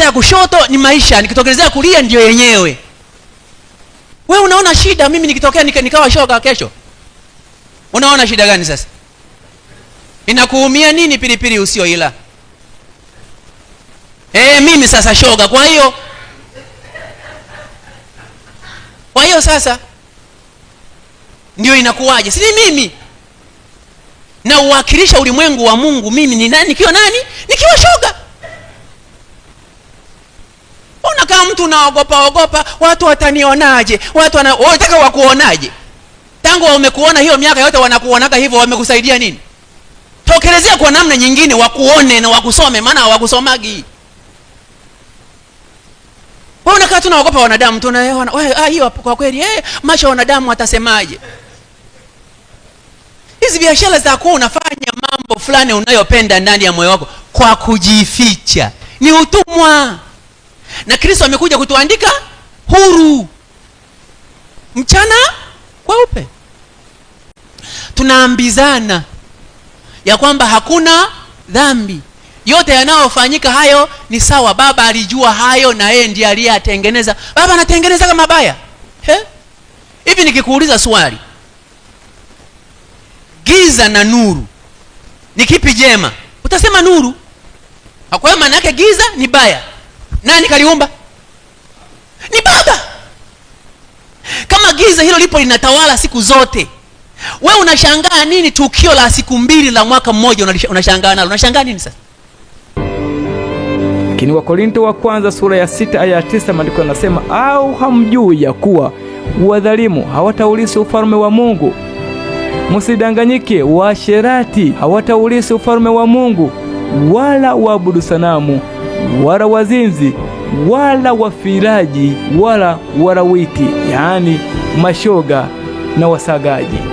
nikitokelezea kushoto ni maisha, nikitokelezea kulia ndio yenyewe. We unaona shida, mimi nikitokea nika, nikawa shoga kesho, unaona shida gani? Sasa inakuumia nini pilipili usio ila e, mimi sasa shoga. Kwa hiyo kwa hiyo sasa ndio inakuwaje? Si mimi na uwakilisha ulimwengu wa Mungu, mimi ni nani? Nikiwa nani? Nikiwa shoga. kila mtu naogopa ogopa, watu watanionaje? Watu wanataka wakuonaje? Tangu wamekuona hiyo miaka yote wanakuonaga hivyo, wamekusaidia nini? Tokelezea kwa namna nyingine, wakuone na wakusome, maana hawakusomagi. Wewe unakaa tunaogopa wanadamu, tunaona wewe, ah, hiyo kwa kweli, eh, macho ya wanadamu watasemaje? Hizi biashara za kuwa unafanya mambo fulani unayopenda ndani ya moyo wako kwa kujificha ni utumwa na kristo amekuja kutuandika huru mchana kweupe tunaambizana ya kwamba hakuna dhambi yote yanayofanyika hayo ni sawa baba alijua hayo na yeye ndiye aliyeyatengeneza baba anatengeneza kama baya hivi nikikuuliza swali giza na nuru ni kipi jema utasema nuru kwa maana yake giza ni baya nani kaliumba ni baba kama giza hilo lipo linatawala siku zote we unashangaa nini tukio la siku mbili la mwaka mmoja unashangaa nalo unashangaa nini sasa lakini wakorinto wa kwanza sura ya sita aya ya tisa maandiko yanasema au hamjui ya kuwa wadhalimu hawataulisi ufalme wa Mungu Musidanganyike, washerati hawataulisi ufalme wa Mungu wala waabudu sanamu wala wazinzi wala wafiraji wala warawiti yaani mashoga na wasagaji.